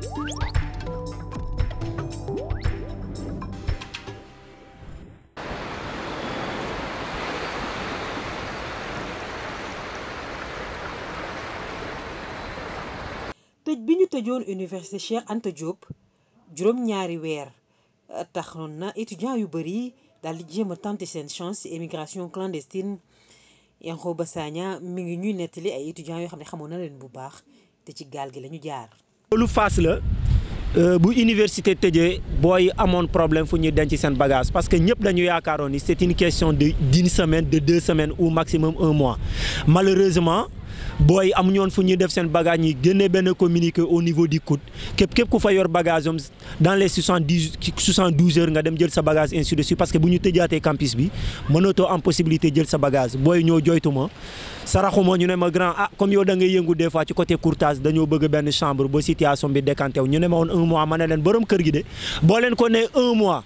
tëj bi ñu tëjoon université Cheikh Anta Diop juróom-ñaari weer euh, taxoon na étudiants yu bëri dal di jéem a tenté seen chance ci émigration clandestine Yankhoba Sagna mi ngi ñuy nettali ay étudiants yoo xam ne xamoon na leen bu baax te ci gaal gi lañu jaar. loolu Fass la euh, bu université tëjee booy amoon problème fu ñuy denc seen bagage parce que ñëpp dañu yaakaaroon ni c'est une question de d'une semaine de deux semaines ou maximum un mois malheureusement booy am ñoon fu ñuy def seen bagage ñi génne benn communiqué au niveau du COUD képp képp ku fa yor bagage am dans les soixante dix soixante douze heures nga dem jël sa bagage ainsi de parce que bu ñu tëjaatee campus bi mënatoo am possibilité jël sa bagage booy ñoo joytuma saraxuma ñu ne ma grand ah comme yow da ngay yëngu des fois ci côté courtage dañoo bëgg benn chambre ba situation bi décanté wu ñu ne ma woon un mois ma ne leen borom kër gi de boo leen ko ne un mois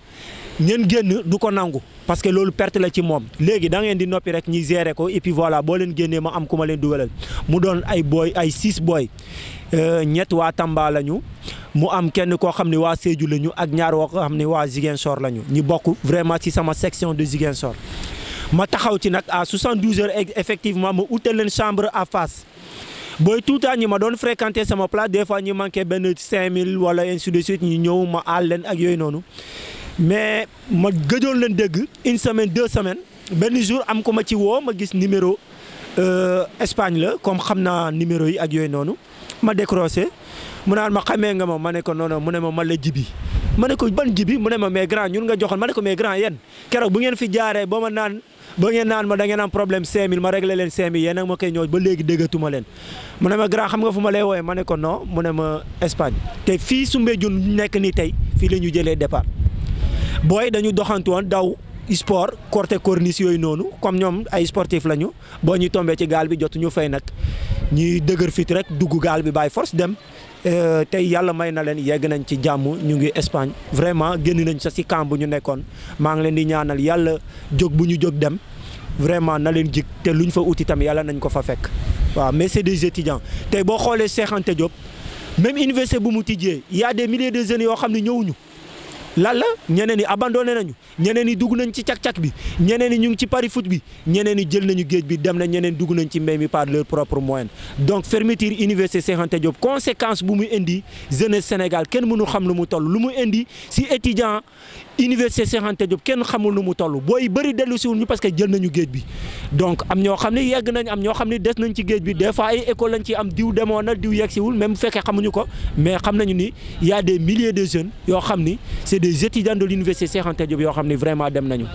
ngeen génn du ko nangu parce que loolu perte la ci moom léegi dangeen di noppi rek ñi gérer ko et puis boo leen génnee ma am ku ma leen dugalal mu doon ay booy ay six booy euh, ñett waa Tamba lañu mu am kenn koo xam ne waa Sédhiou lañu ak ñaar woo xam ni waa Ziguinchor lañu ñu bokk vraiment ci sama section de Ziguinchor ma taxaw ci nag à 72 heures effectivement ma utal leen chambre à fas booy tuutaa ñi ma doon fréquenté sama place des fois ñu manqué benn 5000 wala ainsi de suite ñu ñëw ma aal leen ak yooyu noonu. mais ma gëjoon leen dëgg une semaine deux semaine benn jour am ko ma ci woo ma gis numéro euh, Espagne la comme xam naa numéro yi ak yooyu noonu ma décroché mu naan ma xamee nga ma ma ne ko non mu ne ma man la jibi ma ne ko ban jibi mu ne ma mais grand ñun nga joxoon ma ne ko mais grand yéen keroog bu ngeen fi jaaree ba ma naan ba naan ma da ngeen am problème 5000 ma réglé leen 5000 yéen nag ma koy ñëw ba léegi déggatuma leen mu ne ma grand xam nga fu ma lay woowee ma ne ko non mu ne ma Espagne te fii Soumbédioune nekk nii tey fii la ñu jëlee départ. booy dañu doxante woon daw sport corté corniche yooyu noonu comme ñoom ay sportif lañu boo ñuy tombee ci gaal bi jotu ñu fay nag ñuy dëgër fit rek dugg gaal bi bàyyi force dem euh, tey yàlla may na leen yegg nañ ci jàmm ñu ngi Espagne vraiment génn nañ sa si camp bu ñu nekkoon maa ngi leen di ñaanal yàlla jóg bu ñu jóg dem vraiment na leen jig te lu ñu fa uti tam yàlla nañ ko fa fekk waaw mais c'est des étudiants tey boo xoolee Cheikh Anta Diop même université bu mu tijjee y a des milliers de jeunes yoo xam ne ñëwuñu lan la ñeneen ñi abandonné nañu ñeneen ñi dugg nañ ci cak-cak bi ñeneen ñi ñu ngi ci pari foot bi ñeneen ñi jël nañu géej bi dem na ñeneen dugg nañ ci mbéy mi par leur propre moyen donc fermeture université Cheikh Anta Diop bu mu indi jeunesse Sénégal kenn mënu xam lu mu toll lu mu indi si étudiant université Cheikh Anta Diop kenn xamul lu mu toll booy bëri dellu si parce que jël nañu géej bi donc am ñoo xam ne yegg nañ am ñoo xam ne des nañ ci géej bi des fois école lañ ci am diw demoon na diw yegg siwul même bu fekkee xamuñu ko mais xam nañu ni y a des jeunes yoo xam ni des étudiants de l'université Cheikh Anta Diop yoo xam ne vraiment dem nañu.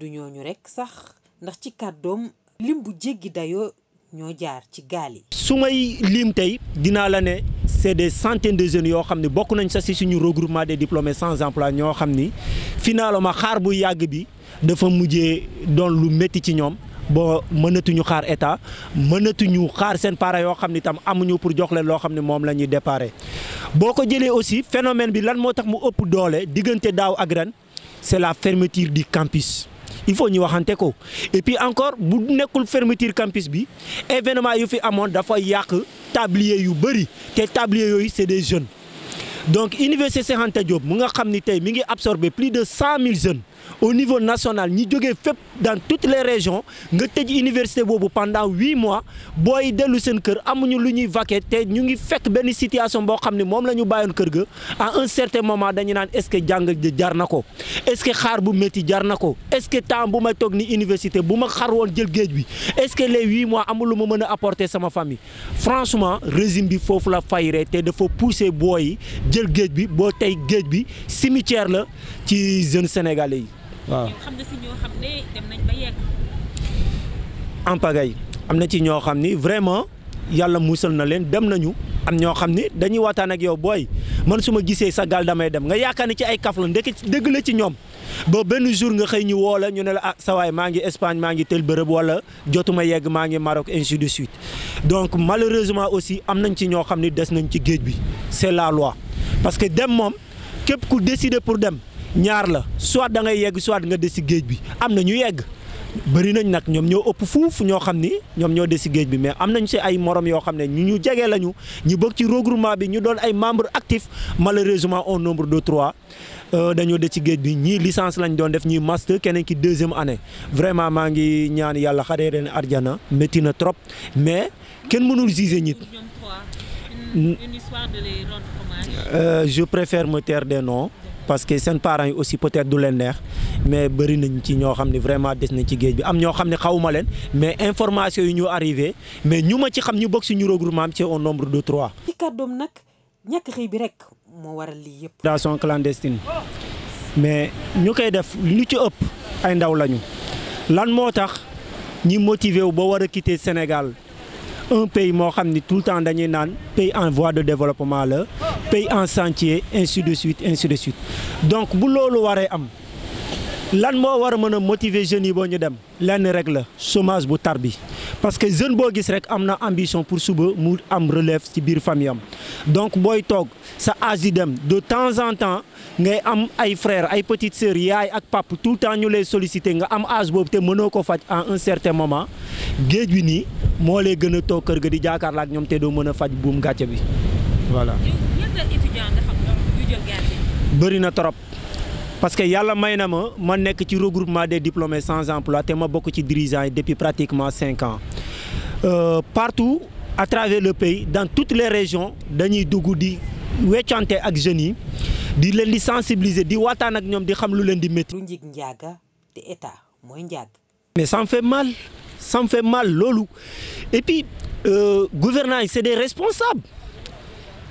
du rek sax ndax ci kàddoom lim bu jéggi dayoo ñoo jaar ci gaal yi. su may lim tey dinaa la ne c'est des centaines de jeunes yoo xam ne bokk nañ sax si suñu regroupement de diplômés sans emploi ñoo xam ni finalement xaar bu yàgg bi dafa mujjee doon lu métti ci ñoom. boo mënatuñu xaar état mënatuñu xaar seen parents yoo xam ni tam amuñu pour jox loo xam ne moom la ñuy déparé boo ko jëlee aussi phénomène bi lan moo tax mu ëpp doole diggante daaw ak ren c'est la fermeture di campus. il faut ñu waxante ko et puis encore bu nekkul fermeture campus bi événement yu fi amoon dafa yàq tablier yu bëri te tablier yooyu c'est des jeunes donc Université Cheikh Anta Diop mu nga xam ni tey mi ngi absorber plus de cent mille jeunes. au niveau national ñi jógee fépp dans toutes les régions nga tëj université boobu pendant huit mois booy dellu seen kër amuñu lu ñuy vaquer te ñu ngi fekk benn situation boo xam ne moom la ñu bàyyoon kër ga à un certain moment dañu naan est-ce que jàng jar na ko est-ce que xaar bu métti jar na ko est-ce que temps bu may toog ni université bu ma xar woon jël géej bi est-ce que les huit mois amul lu ma mën a apporter sama famille franchement régime bi foofu la fayre te dafa pousser booy jël géej bi boo tey géej bi cimetière la ci jeunes sénégalais yi. waaw xam nga si en pagaille am na ci ñoo xam ni vraiment yàlla muusal na leen dem nañu am ñoo xam ni dañuy waxtaan ak yow booy man su ma gisee sa gaal damay dem nga yaakaar ni ci ay kaf la ndekk dëgg la ci ñoom ba benn jour nga xëy ñu woola ñu ne la ah sa maa ngi Espagne maa ngi tel bërëb wala jotuma yegg maa ngi Maroc ainsi de suite donc malheureusement aussi am nañ ci ñoo xam ni des nañ ci géej bi c'est la loi parce que dem moom képp ku décider pour dem. ñaar la soit da ngay yegg soit nga des si géej bi am na ñu yegg bëri nañ nag ñoom ñoo ëpp fuuf ñoo xam ni ñoom ñoo des si géej bi mais am nañ si ay morom yoo xam ne ñu ñu jege lañu ñu bëgg ci regroupement bi ñu doon ay membre actif malheureusement au nombre de trois euh, dañoo des ci géej bi ñii licence lañ doon def ñii master keneen ki deuxième année vraiment maa ngi ñaan yàlla xaree leen arjana métti na trop mais kenn mënul juger nit Une, euh, je préfère des noms. parce que seen parents yi aussi peut-être du leen neex mais bëri nañ ci ñoo xam ne vraiment des nañ ci géej bi am ñoo xam ne xawuma leen mais information yi ñu arrivé mais ñu ma ci xam ñu bokk si ñu regroupement am ci au nombre de trois. ci kàddoom nag ñàkk xëy bi rek moo waral lii yëpp. migration clandestine mais ñu koy def lu ci ëpp ay ndaw lañu lan moo tax ñi motivé wu ba war a quitter Sénégal un pays moo xam ni tout le temps dañuy naan pays en voie de développement la. pays en chantier ainsi de suite ainsi de suite donc bu loolu waree am lan moo war a mën a motiver jeunes yi boo ñu dem lenn rek la chômage bu tar bi parce que jeune boo gis rek am na ambition pour suba mu am relève ci biir famille am donc booy toog sa âge dem de temps en temps ngay am ay frères ay petites sœurs yaay ak pap tout le temps ñu lay solliciter nga am âge boobu te mënoo ko faj en un moment géej bi nii moo la gën a toog kër ga di jaakaar la ak ñoom te doo mën a faj buum gàcce bi voilà. ñaata étudiant bëri na trop parce que yàlla may na ma ma nekk ci regroupement de diplômés sans emploi te ma bokk ci dirigeants yi depuis pratiquement cinq ans euh, partout à travers le pays dans toutes les régions dañuy dugg di weccante ak jeunes yi di leen di sensibiliser di waxtaan ak ñoom di xam lu leen di métti. lu njëg njaaga te état mooy njaag. mais ça me fait mal ça me fait mal loolu et puis euh, gouvernants yi c'est des responsables.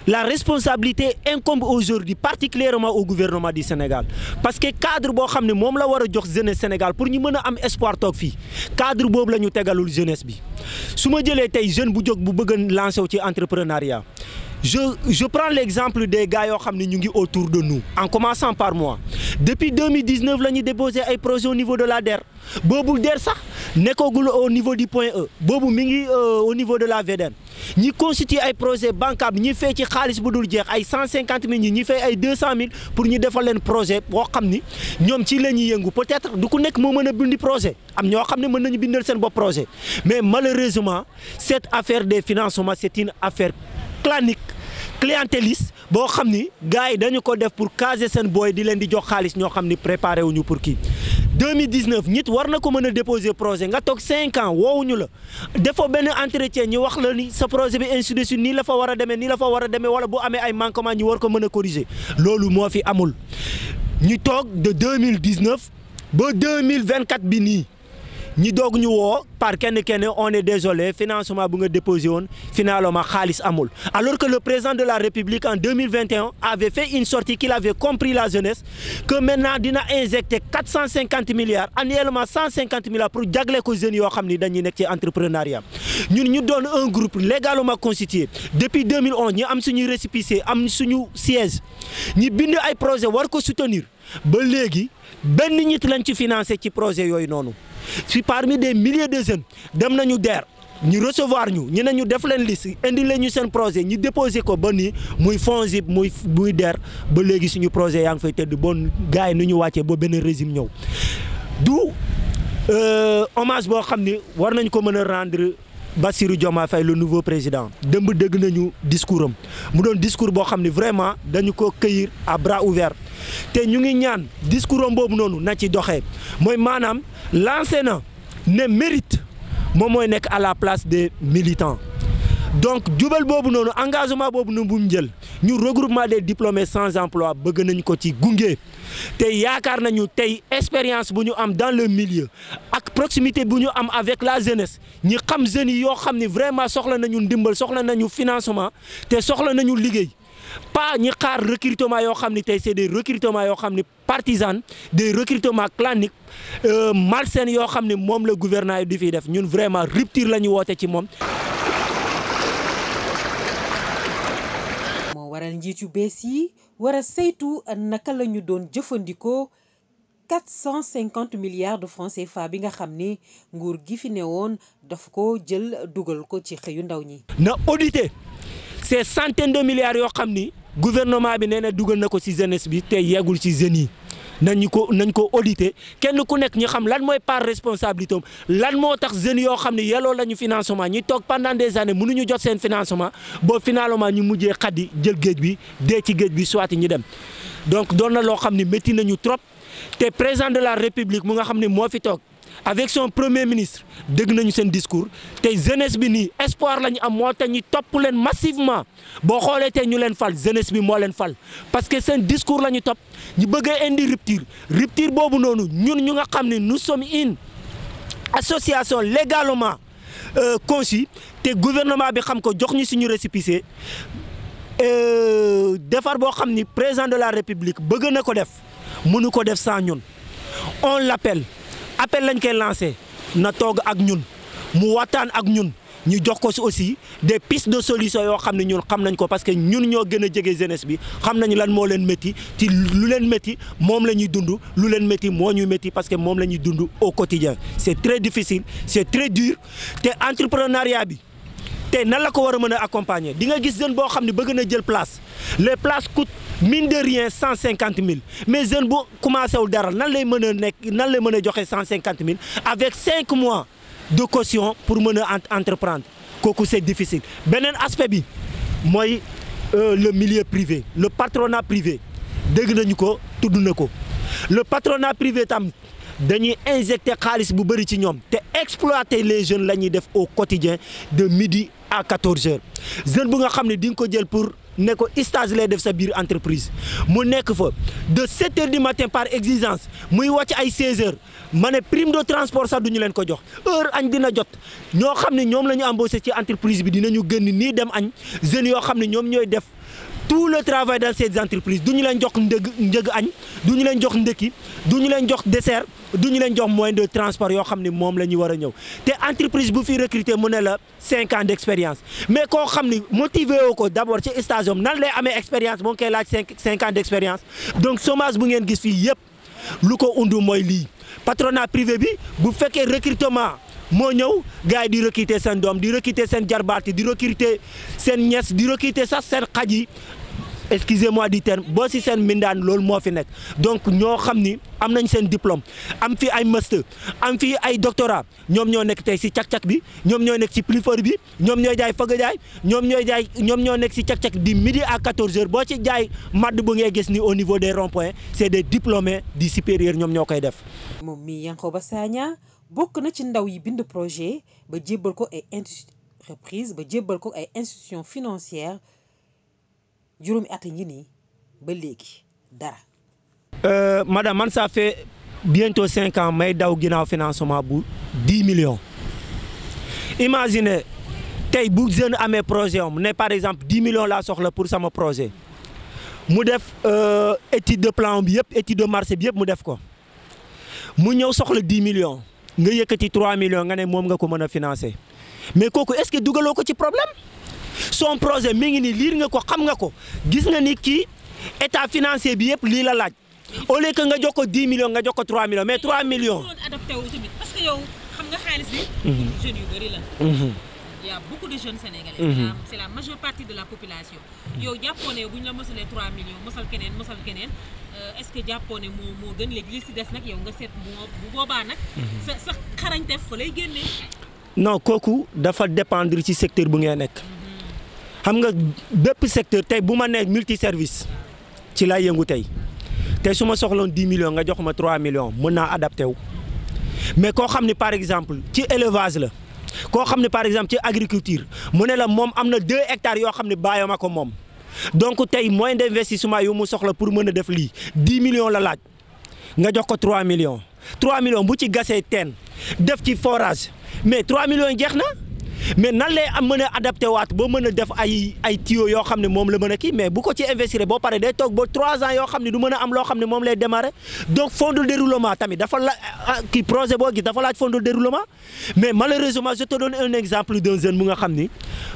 la responsabilité incombe aujourd'hui particulièrement au gouvernement du Sénégal parce que cadre boo xam ne moom la war a jox jeunesse Sénégal pour ñu mën am espoir toog fii cadre boobu la ñu tegalul jeunesse bi su ma jëlee tey jeune bu jóg bu bëgg a lancer wu ci entrepreneuriat je je prends l'exemple des gars yoo xam ne ñu ngi autour de nous en commençant par moi depuis 2019 la ñu déposé ay projet au niveau de la DER boobu DER sax nekkagul au niveau du point E boobu mi ngi euh, au niveau de la VDN ñi constitué ay projet bancable ñi fay ci xaalis bu dul jeex ay cent cinquante mil ñi ñi fay ay deux cent mille pour ñu defal leen projet boo xam ni ñoom ci la ñuy yëngu peut-être du ku nekk moo mën a bindi projet am ñoo xam ne mën nañu bindal seen bopp projet mais malheureusement cette affaire des financements c'est une affaire clanique clientéliste boo xam ni gars yi dañu ko def pour caser seen booy di leen di jox xaalis ñoo xam ni préparé wuñu pour kii 2019 nit war na ko mën a déposer projet nga toog 5 ans woowuñu la defoo benn entretien ñi wax la ni sa projet bi ainsi de nii la fa war a demee ni la fa war a deme wala bu amee ay manquement ñu war ko mën a corriger loolu moo fi amul ñu toog de 2019 ba 2024 bi nii. ñi doog ñu woo par kenn kenn on est désolé financement bu nga déposé woon finalement xaalis amul alors que le président de la république en 2021 avait fait une sortie qu'il avait compris la jeunesse que maintenant dina injecté 450 milliards annuellement 150 milliards pour jagle ko jeunes yoo xam ni dañuy nekk ci entrepreneuriat ñun ñu doon un groupe légalement constitué depuis 2011 ñu am suñu récépissé am suñu siège ñi bind ay projet war ko soutenir ba léegi benn nit lañ ci financé ci projet yooyu noonu si parmi des milliers de jeunes dem nañu DER ñu recevoir ñu ñu ne ñu def leen liste indi leen ñu seen projet ñu déposé ko ba nii muy FONGIP muy muy DER ba léegi suñu projet yaa ngi fay tëdd bon gars yi nu ñu wàccee ba benn régime ñëw du euh, hommage boo xam ni war nañ ko mën a rendre. Bassirou Diomaye Faye le nouveau président dëmb dégg nañu discours mu doon discours boo xam ne vraiment dañu ko këyir à bras ouvert te ñu ngi ñaan discours boobu noonu na ci doxee mooy maanaam lancé na ne mérite moom mooy nekk à la place des militants donc jubal boobu noonu engagement boobu noonu bu mu jël ñu regroupement des diplômés sans emploi bëgg nañu ko ci gunge tey yaakaar nañu tey expérience bu ñu am dans le milieu ak proximité bu ñu am avec la jeunesse ñi xam jeunes yoo xam ni vraiment soxla nañu ndimbal soxla nañu financement te soxla nañu liggéey pas ñi xaar recrutement yoo xam ni tey c'est des recrutements yoo xam ni partisans des recrutements claniques euh, malsains yoo xam ni moom la gouvernement yi di fiy def ñun vraiment rupture la ñu woote ci moom. waral njiit yu bees yi war a saytu naka la ñu doon jëfandikoo 450 milliards de francs CFA bi nga xam ni nguur gi fi ne woon daf ko jël dugal ko ci xëyu ndaw ñi. na audité ces centaines de milliards yoo xam ni gouvernement bi nee na dugal na ko ci jeunesse bi te yeggul ci jeunes yi. nañ ko nañ ko auditer kenn ku nekk ñu xam lan mooy part responsabilité am lan moo tax jeunes yoo xam ne yelloo lañu financement ñi toog pendant des mun mënuñu jot seen financement ba finalement ñu mujjee xaddi jël géej bi dee ci géej bi soit ñu dem donc doon na loo xam ne métti nañu trop te président de la république mu nga xam ne moo fi toog. avec son premier ministre dégg nañu seen discours tey jeunesse bi nii espoir la ñu am moo te ñu topp leen massivement boo xoolee te ñu leen fal jeunesse bi moo leen fal parce que seen discours la ñu topp ñu bëgg a indi rupture rupture boobu noonu ñun ñu nga xam ne nous some une association légalement euh, conçue te gouvernement bi xam ko jox ñu suñu récépissé euh, defar boo xam ni président de la république bëgg na ko def mënu ko def sans ñun on l'appelle appel lañu koy lancé na toog ak ñun mu waxtaan ak ñun ñu jox ko si aussi des pistes de solution yoo xam ne ñun xam nañ ko parce que ñun ñoo gën a jege jeunesse bi xam nañ lan moo leen métti ti lu leen métti moom la ñuy dund lu leen métti moo ñuy métti parce que moom la ñuy dund au quotidien c'est très difficile c'est très dur te entrepreneuriat bi. tey nan la ko war a mën a accompagner di nga gis jeune boo xam ne bëgg na jël place les places coûtent mine de rien cent cinquante mille mais jeune boo commencé wul dara nan lay mën a nekk nan lay mën a joxe cent cinquante mille avec cinq mois de caution pour mën a entreprendre kooku c'est difficile beneen aspect bi mooy euh, le milieu privé le patronat privé dégg nañu ko tudd na ko le patronat privé tam dañuy injecter xaalis bu bëri ci ñoom te exploiter les jeunes la ñuy def au quotidien de midi à 14 heures jeune bu nga xam ne di nga ko jël pour ne ko stage def sa biir entreprise mu nekk fa de 7 heures du matin par exigence muy wàcc ay 16 heures ma ne prime de transport sax du leen ko jox heure añ dina jot ñoo xam ne ñoom la ñu embauché ci entreprise bi dinañu gën nii dem añ jeunes yoo xam ne ñoom ñooy def. tout le travail dans ces entreprises du ñu leen jox ndëgg njëg añ du ñu leen jox ndëkki du ñu leen jox dessert du ñu leen jox moyen de transport yoo xam ne moom la ñu war a ñëw te entreprise bu fi recruter mu ne la cinq ans d' expérience mais koo xam ni motivé woo ko d' abord ci stage nan lay amee expérience moo koy laaj cinq cinq ans donc chômage bu ngeen gis fii yëpp lu ko undu mooy lii patronat privé bi bu fekkee recrutement moo ñëw gars yi di recruter seen doom di recruter seen jarbaat yi di recruter seen ñes di recruter sax seen xaj yi excusez-moi du terme boo si seen mindaan loolu moo fi nekk donc ñoo xam ni am nañ seen diplôme am fi ay master am fi ay doctorat ñoom ñoo nekk tey si cak-cak bi ñoom ñoo nekk si plifeur bi ñoom ñooy jaay fëgg jaay ñoom ñooy jaay ñoom ñoo nekk si cak-cak di midi a 14 heures boo ci jaay madd bu ngay gis ni au niveau des ronds-points c'est des diplômés du supérieur ñoom ñoo koy def moom mi Yankhoba Sagna bokk na ci ndaw yi bind projet ba jébbal ko ay entreprise ba jébbal ko ay institution financière juróomi at ngi nii ba léegi dara. Euh, madame man ça fait bientôt cinq ans may daw ginnaaw financement bu dix millions imaginez tey bu jeune amee projet am ne par exemple dix millions laa soxla pour sama projet mu def euh, étude de plan bi yëpp étude de marché bi yëpp mu def ko mu ñëw soxla dix millions. nga yëkkati 3 millions nga ne moom nga ko mën a financer mais kooku est-ce que dugaloo ko son projet mi ngi ni liir nga ko xam nga ko gis nga ni kii état financier bi yëpp lii la laaj au lieu que nga jox ko 10 millions nga jox ko 3 millions mais 3 millions. y' a de jeunes sénégalais. Mhm. c' est partie de la population. yow jàppoo ne bu ñu la mosalee 3 millions mosal keneen mosal keneen euh, est ce que jàppoo ne moo moo bu boobaa nag. Mhm. sa sa xarañteef fa lay génnee. non kooku dafa dépendre ci secteur bu ngeen nekk. Mhm. xam nga bépp secteur tey bu ma nee multi service ci laa yëngu tey tey su ma soxloon 10 millions nga joxuma ma 3 millions mën naa adapté wu mais koo xam ni par exemple ci élevage la. koo xam ne par exemple ci agriculture mu ne la moom am na deux hectares yoo xam ne bàyyoo ma ko moom donc tey moyen d'investissement yu mu soxla pour mën a def lii dix millions la laaj nga jox ko trois millions trois millions bu ci gasee teen def ci forage mais trois millions jeex na. mais nan lay am mën a adapté waat ba mën a def ay ay tuyaux yoo xam ne moom la mën a kii mais bu ko ci investir boo paree day toog ba trois ans yoo xam ne du mën am loo xam ne moom lay démarrer donc fond de déroulement tamit dafa la ah, ah, kii projet boo gis dafa laaj fond de déroulement mais malheureusement je te donne un exemple d'un jeune mu nga xam ni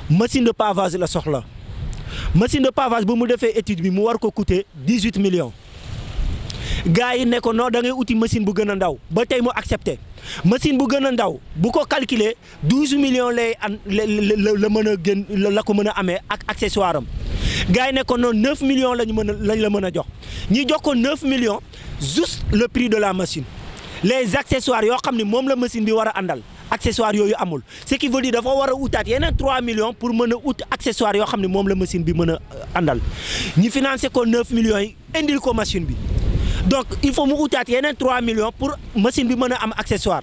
machine de pavage la soxla machine de pavage bu mu defee étude bi mu war ko coûter dix huit millions gars yi ne da ngay uti machine bu gën a ndaw ba tey mu accepté. machine bu gën a ndaw bu ko calculer douze million lay am la la mën a gën la ko mën a amee ak accessoire am gars yi ne ko noonu neuf millions lañ mën a lañ la mën a jox ñi jox ko neuf million juste le prix de la machine les accessoires yoo xam ne moom la machine bi war a àndal accessoires yooyu amul ce qui veut dafa war a utaat yeneen 3 millions pour mën a ut accessoires yoo xam ne moom la machine bi mën a euh, àndal ñi financé ko 9 millions yi indil ko machine bi donc il faut mu utaat yeneen 3 millions pour machine bi mën a am accessoire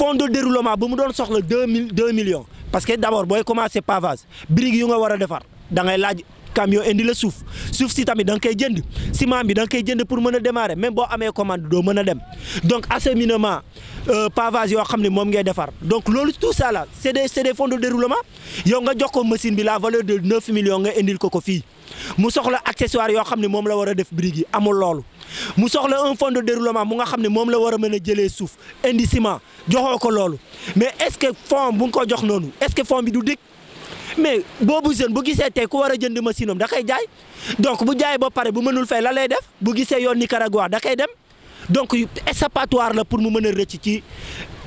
fond de déroulement bu mu doon soxla 2 mille 2 millions parce que d' abord booy commencé pavage brique yu nga war a defar da ngay laaj camion indi la suuf suuf si tamit da nga koy jënd ciment bi da nga koy jënd pour mën a démarrer même boo amee commande doo mën a dem donc acheminement euh, pavage yoo xam ne moom ngay defar donc loolu tout ça là c' est des c' est des fonds de déroulement yow nga jox ko bi la valeur de 9 nga indil ko ko fii mu soxla accessoire yoo xam ne moom la war a def brique yi amul loolu. mu soxla un fonds de déroulement mu nga xam ne moom la war a mën a jëlee suuf indi joxoo ko loolu mais est-ce que fonds bu nga ko jox noonu est-ce que fonds bi du dikk mais boobu jeune bu gisee tey ku war a jënd machine am da koy jaay donc bu jaayee ba pare bu mënul fay la lay def bu gisee yoon Nicaragua da koy dem donc échappatoire la pour mu mën a rëcc ci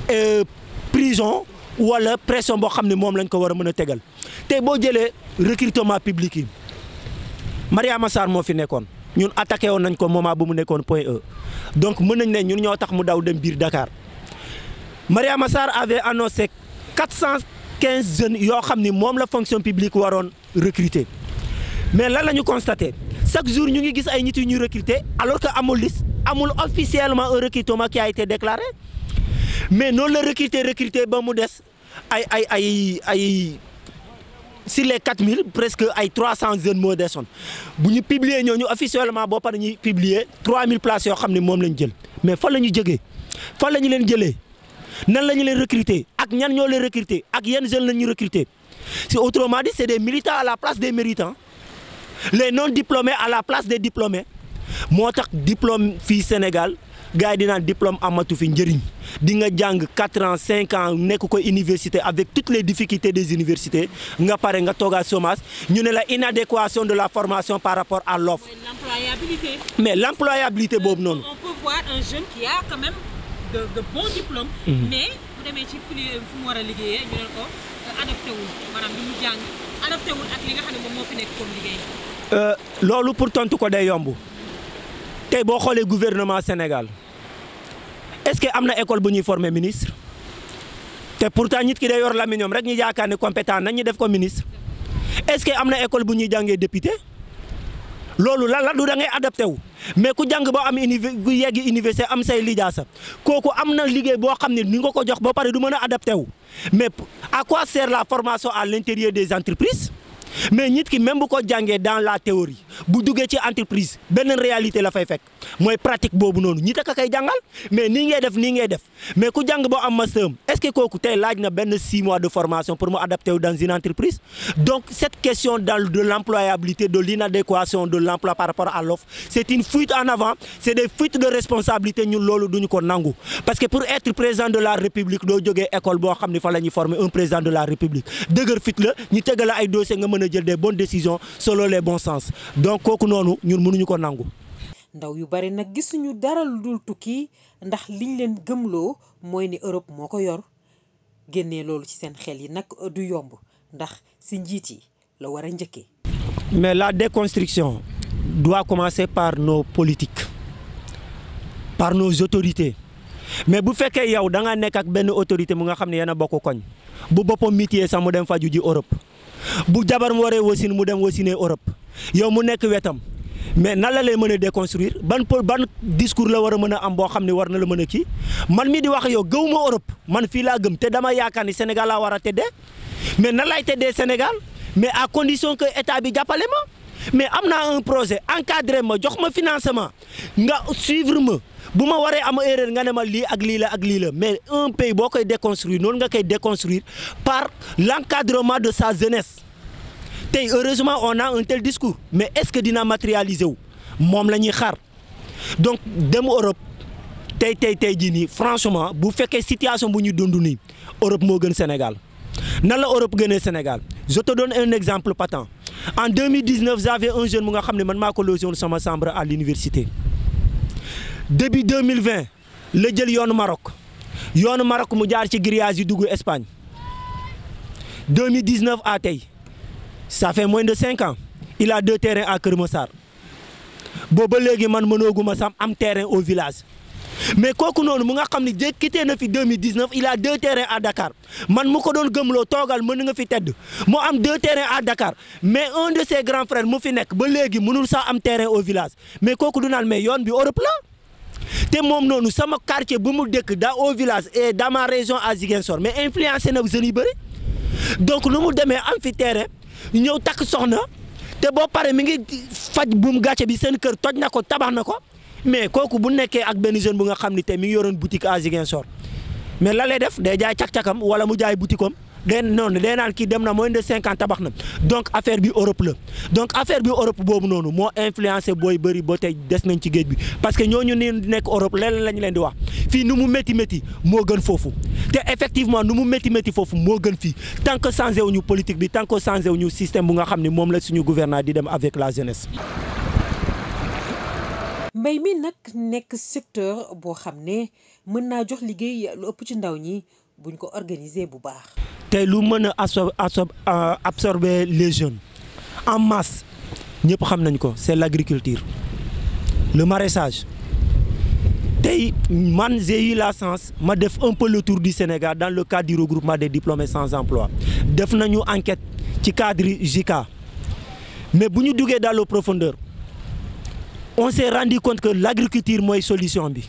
euh, prison wala pression boo xam ne moom lañ ko war a mën a tegal te boo jëlee recrutement public yi Mariama Sarr moo fi nekkoon. ñun attaqué woon nañ ko moment bu mu nekkoon point E donc mën nañ nee ñun ñoo tax mu daw dem biir Dakar Mariama Sarr avait annoncé quatre cent quinze jeunes yoo xam ni moom la fonction publique waroon recruter mais lan la ñu constaté chaque jour ñu ngi gis ay nit yu ñuy recruter alors que amul liste amul officiellement un recrutement qui a été mais noonu la recruter recruter ba mu des ay ay ay ay. sur les 4000 presque ay 300 jeunes moo desoon bu ñu publier ñooñu officiellement boo paree ñuy publier 3000 places yoo xam ne moom lañ jël mais fan la ñu jógee fan la ñu leen jëlee nan la ñu leen recruter ak ñan ñoo leen recruter ak yan jeunes la ñu recruter c'est autrement dit c'est des militants à la place des méritants les non diplômés à la place des diplômés moo tax diplôme fii Sénégal. gars yi di naan diplôme amatu fi njëriñ di nga jàng quatre ans cinq ans nekk ko université avec toutes les difficultés des universités nga pare nga toogaat chômage ñu ne la inadéquation de la formation par rapport à l'offre mais l'employabilité boobu noonu a quand loolu pour tontu ko day yomb tey boo xoolee gouvernement Sénégal est-ce que am na école bu ñuy former ministre te pourtant nit ki day yor làmmiñam rek ñu yaakaar ne compétent nañ def ko ministre est-ce que am na école bu ñuy jàngee député loolu lan la du da ngay adapté wu mais ku jàng boo am univ yegg université am say lijaasa kooku am na liggéey boo xam ne ni nga ko jox ba pare du mën a adapté wu mais à quoi sert la formation à l'intérieur des entreprises mais nit ki même ko jàngee dans la théorie bu duggee ci entreprise benn réalité la fay fekk mooy pratique boobu noonu ñi taka kay jàngal mais nii ngay def nii ngay def mais ku jàng boo am master est-ce que kooku tey laaj na benn six de formation pour mu adapté dans une entreprise donc cette question dans de l'employabilité de l'inadéquation de l'emploi par rapport à l'offre c'est une fuite en avant c'est des fuites de responsabilité ñun loolu duñu ko nangu parce mën jël des bonnes décisions selon les bons sens donc kooku noonu ñun mënuñu ko nangu. ndaw yu bari nag gisuñu dara lu dul tukki ndax liñ leen gëmloo mooy ni Europe moo ko yor génne loolu ci seen xel yi nag du yomb ndax si njiit yi la war a njëkkee. mais la déconstruction doit commencer par nos politiques par nos autorités mais bu fekkee yow da nga nekk ak benn autorité mu nga xam ne yéen a bokk koñ bu boppam métier sax mu dem faju ji Europe. bu jabar jabaram waree wasin mu dem wasinee Europe yow mu nekk wetam mais nan la lay mën a déconstruire ban ban discours la war a mën a am boo xam ne war na la mën a kii man mi di wax yow gëwuma Europe man fii laa gëm te dama yaakaar ni Sénégal laa war a teddee mais nan lay teddee Sénégal mais à condition que état bi jàppale ma mais am naa un projet encadré ma jox ma financement nga suivre ma. bu ma waree am erreur nga ne ma lii ak lii ak lii mais un pays boo koy déconstruire noonu nga koy déconstruire par l'encadrement de sa jeunesse tey heureusement on a un tel discours mais est-ce que dina matérialiser wu moom la ñuy xaar donc dem Europe tey tey tey jii nii franchement bu fekkee situation bu ñu dund nii Europe moo gën Sénégal nan la Europe gënee Sénégal je te donne un exemple patent en 2019 j'avais un jeune mu nga xam ne man maa ko logé sama chambre à l'université début 2020 la jël yoonu Maroc yoonu Maroc mu jaar ci grillage yi dugg Espagne 2019 à tey ça fait moins de cinq ans il a deux terrains à Kër Massar booba léegi man mënooguma sam am terrain au village mais kooku noonu mu nga xam ni dé quitté na fi 2019 il a deux terrains à Dakar man mu ko doon gëmloo toogal mën nga fi tedd mu am deux terrains à Dakar mais un de ses grands frères mu fi nekk ba léegi mënul saa am terrain au village mais kooku du naan yoon bi Europe te moom noonu sama quartier bu mu dëkk da au village et dans ma région à Ziguinchor mais influencé na jeunes yu bëri donc nu mu demee am fi terrain ñëw takk soxna te boo pare mi ngi faj buum gàcce bi seen kër toj na ko tabax na ko mais kooku bu nekkee ak benn jeune bu nga xam ni te mi ngi yoroon boutique à Ziguinchor mais la lay def day jaay cak-cakam wala mu jaay boutique am day noonu day naan kii dem na mooy de cinquante tabax na donc affaire bi Europe la donc affaire bi Europe boobu noonu moo influencé booy bëri ba tey des nañ ci géej bi parce que ñoo ñooñu ni nekk Europe la lañ leen di wax fii nu mu métti métti moo gën foofu te effectivement nu mu métti métti foofu moo gën fii tant que changé wuñu politique bi tant que changé ñu système bu nga xam ne moom la suñu gouvernement di dem avec la jeunesse. mbay mi nag nekk secteur boo xam ne mën naa jox liggéey lu ëpp ci ndaw ñi buñ ko organiser bu baax. tey lu mën a absorbe euh, absorber les jeunes en masse ñëpp xam nañ ko c'est l'agriculture le maraîchage tey man j'ai eu la chance ma def un peu le tour du Sénégal dans le cadre du regroupement des diplômés sans emploi def nañu enquête ci cadre JICA mais bu ñu duggee dans la profondeur on s'est rendu compte que l'agriculture mooy solution bi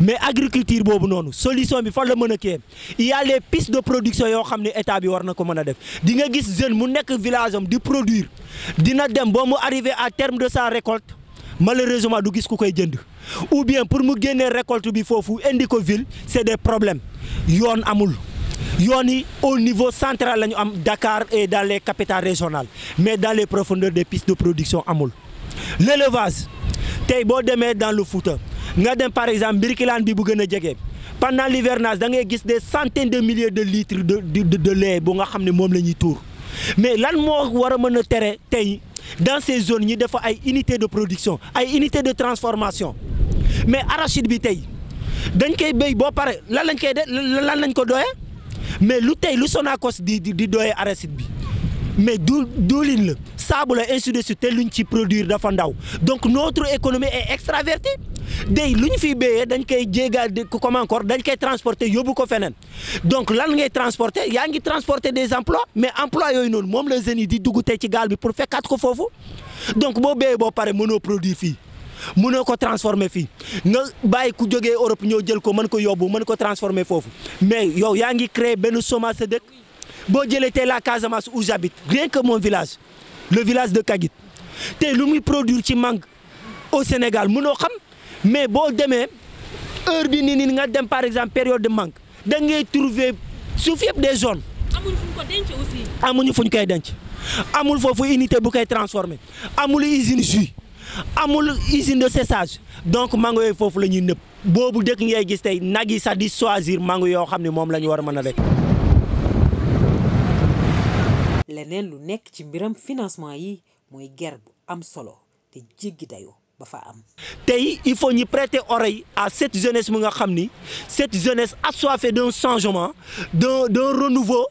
mais agriculture boobu noonu solution bi fan la mën a kii il les pistes de production yoo xam ne état bi war na ko mën a def dinga gis jeune mu nekk village am di produire dina dem ba mu arrivé à terme de sa récolte malheureusement du gis ko koy jënd ou bien pour mu génnee récolte bi foofu indi ko ville c' des problèmes yoon amul. yoon yi au niveau central la ñu am Dakar et dans les capital régional mais dans les profondeurs des pistes de production amul l' tey boo demee dans le nga dem par exemple Birkelane bi bu gën a jege pendant l'hivernage da ngay gis des de milliers de litres de de de lait bu nga xam ne moom la ñuy tuur mais lan moo war a mën a tere tey dans ces zones ñi dafa ay unité de production ay unité de transformation mais arachide bi tey dañ koy bay boo pare lan lañ koy de lan lañ ko doyee mais lu tey lu Sonacos di di doyee arachide bi. mais du diwlin la saabu la ainsi de suite te luñ ci produire dafa ndaw donc notre économie est extravertie day lu ñu fiy béyee dañ koy jéegaat di comme encore dañ koy transporter yóbbu ko feneen donc lan ngay transporter yaa ngi transporter des emplois mais emploi yooyu noonu moom la jeunes yi di dugg tey ci gaal bi pour fekkaat ko foofu donc boo béyee boo pare mënoo produit fii mënoo ko transformer fii nga bàyyi ku jógee Europe ñoo jël ko mën ko yóbbu mën ko transformer foofu mais yow yaa ngi créer benn chômage sa boo jëlee tey la Casamance où j'habite rien que mon village le village de Kagit tey lu muy produire ci mangue au Sénégal mënoo xam mais boo demee heure bi nii nii nga dem par exemple période de mangue da ngay trouver suuf yëpp des zones. amuñu fu ñu ko denc koy denc amul foofu unité bu koy transformer amul usine jus amul usine de séchage donc mango yooyu foofu la ñuy nëb boobu dëkk ngay gis tey nag yi sax di choisir mango yoo xam ne moom la ñu war a mën a lekk. leneen lu nekk ci mbiram financement yi mooy guerre bu am solo te jéggi dayoo ba am. tey il faut ñu prêter oreille à cette jeunesse mu nga xam ni cette jeunesse assoiffée d'un changement d'un d'un renouveau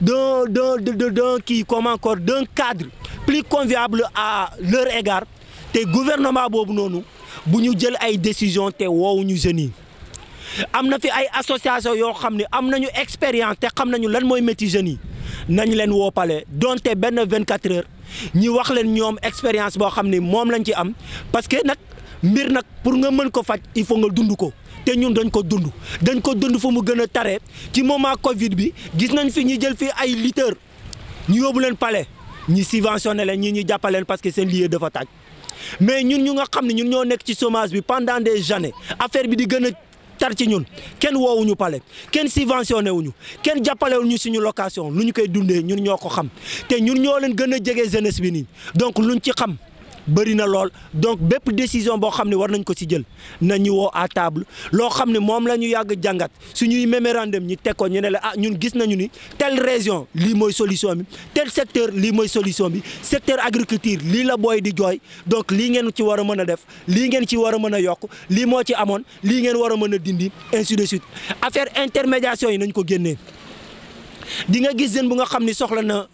d'un d'un d'un kii comment encore d'un cadre plus conviable à leur égard te gouvernement boobu noonu bu ñu jël ay décisions te woowuñu jeunes yi. am na fi ay association yoo xam ne am nañu expérience te xam nañu lan mooy métier jeunes yi nañ leen woopale donte benn 24 heures ñi wax leen ñoom expérience boo xam ne moom lañ ci am parce que nag mbir nag pour nga mën ko faj il faut nga dund ko te ñun dañ ko dund dañ ko dund fu mu gën a tare ci moment Covid bi gis nañ fi ñi jël fii ay lutteurs ñu yóbbu leen pale ñi subventionné leen ñi ñuy jàppaleen parce que seen lieu dafa taaj mais ñun ñu nga xam ne ñun ñoo nekk ci chômage bi pendant des années affaire bi di gën a tar ci ñun kenn woowuñu pale kenn subventionné wuñu kenn jàppalewuñu suñu location lu ñu koy dundee ñun ñoo ko xam te ñun ñoo leen gën a jege jeunesse bi nii donc luñ ci xam bëri na lool donc bépp décision boo xam ne war nañ ko ci jël nañu woo à table loo xam ne moom la ñu yàgg jàngat suñuy mémorandum ñi teg ko ñu ne la ah ñun gis nañu ni telle région lii mooy solution bi tel secteur lii mooy solution bi secteur agriculture lii la booy di jooy donc lii ngeen ci war a mën a def lii ngeen ci war a mën a yokk lii moo ci amoon lii ngeen war a mën a dindi ainsi de suite affaire intermédiation yi nañ ko génnee di nga gis jeune bu nga xam ni soxla na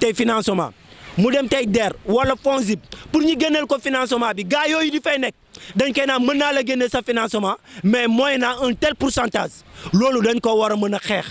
tey financement mu dem tey DER wala FONGIP pour ñu génneel ko financement bi gars yooyu di fay nekk dañ koy naan mën naa la génne sa financement mais mooy naa un tel pourcentage loolu dañ ko war a mën a xeex.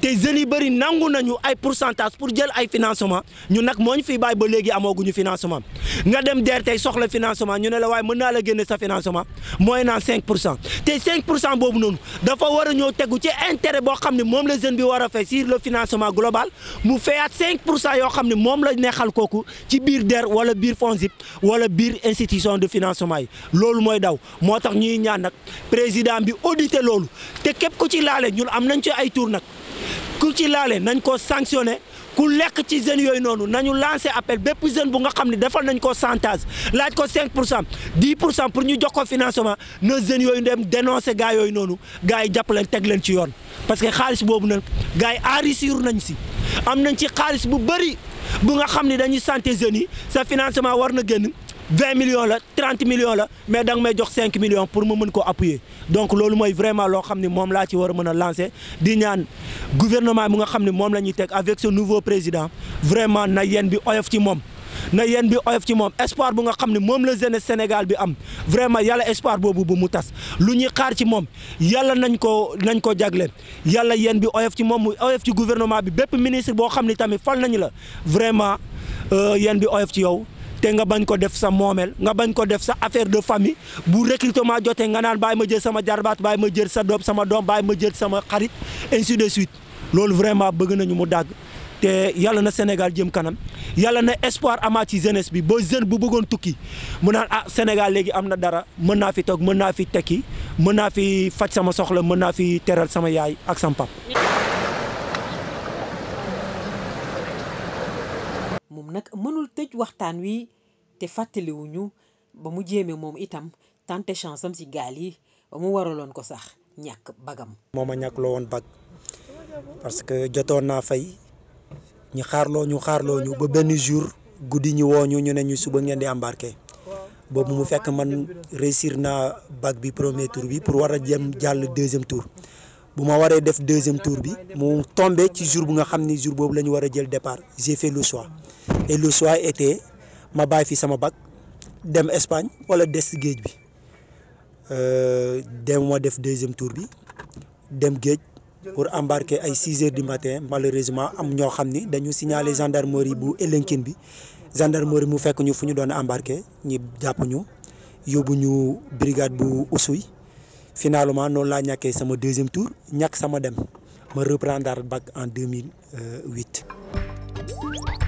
te jeunes yi bëri nangu nañu ay pourcentage pour jël ay financement ñu nag moo ñu fiy bàyyi ba léegi amooguñu financement nga dem DER tey soxla financement ñu ne la waaye mën naa la génne sa financement mooy nan 5 pour cent te 5 pour cent boobu noonu dafa war a ñëw tegu ci intérêt boo xam ne moom la jeune bi war a fay sur le financement global mu fayaat 5 pour cent yoo xam ne moom la neexal kooku ci biir DER wala biir FONGIP wala biir institution de financement yi loolu mooy daw moo tax ñuy ñaan nag président bi auditer loolu te képp ku ci laale ñun am nañ ci ay tour nag ku ci laale nañ ko sanctionné ku lekk ci jeunes yooyu noonu nañu lancé appel bépp jeune bu nga xam ne defoon nañ ko chantage laaj ko 5 pour cent 10 pour cent pour ñu jox ko financement na jeunes yooyu dem dénoncé gars yooyu noonu gars yi jàpp leen teg leen ci yoon parce que xaalis boobu nag gars yi enrichir nañ si am nañ ci xaalis bu bëri bu nga xam ni dañuy sante jeunes yi sa financement war na génn vingt millions la trente millions la mais danga nga may jox cinq millions pour ma mën ko appuyer donc loolu mooy vraiment loo xam ne moom laa ci war a mën a lancer di ñaan gouvernement bi nga xam ne moom la ñuy teg avec ce président vraiment na yéen bi oyof ci moom. na yéen bi oyof ci moom espoir bu nga xam ne moom la jeunesse Sénégal bi am vraiment yàlla espoir boobu bu mu tas lu ñuy xaar ci moom yàlla nañ ko nañ ko jagleen yàlla yéen bi oyof ci moom mu oyof ci gouvernement bi bépp ministre boo xam ne tamit fal nañu la vraiment euh, yéen bi oyof ci yow. te nga bañ ko def sa moomeel nga bañ ko def sa affaire de famille bu recrutement jotee nga naan bàyyi ma jël sama jarbaat bàyyi ma jël sa doom sama doom bàyyi ma jël sama xarit ainsi de suite loolu vraiment bëgg nañu mu dagg te yàlla na Sénégal jëm kanam yàlla na espoir amaat ci jeunesse bi ba jeune bu bëggoon tukki mu naan ah Sénégal léegi am na dara mën naa fi toog mën naa fi tekki mën naa fi faj sama soxla mën naa fi teral sama yaay ak sama pap te fàttaliwuñu ba mu jéeme moom itam tante chance am si gaal yi ba mu waraloon ko sax ñàkk bagam. moo ma ñàkk loo woon bag parce que jotoon naa fay ñu xaarloo ñu xaarloo ñu ba benn jour guddi ñu woo ñu ñu ne ñu suba ngeen di embarqué boobu mu fekk man réussir naa bag bi premier tour bi pour war a jëm jàll deuxième tour. bu ma waree def deuxième tour bi mu tombé ci jour bu nga xam ni jour boobu la ñu war a jël départ j'ai fait le choix et ma bàyyi fi sama bag dem Espagne wala des géej bi euh, dem ma def deuxième tour bi dem géej pour embarquer ay 6 heures du matin malheureusement am ñoo xam ni dañu signaler gendarmerie bu Elinkine bi gendarmerie mu fekk ñu fu ñu doon embarquer ñi jàpp ñu yóbbu ñu brigade bu Oussouye finalement noonu laa ñàkkee sama deuxième tour ñàkk sama dem ma reprendre bac en 2008.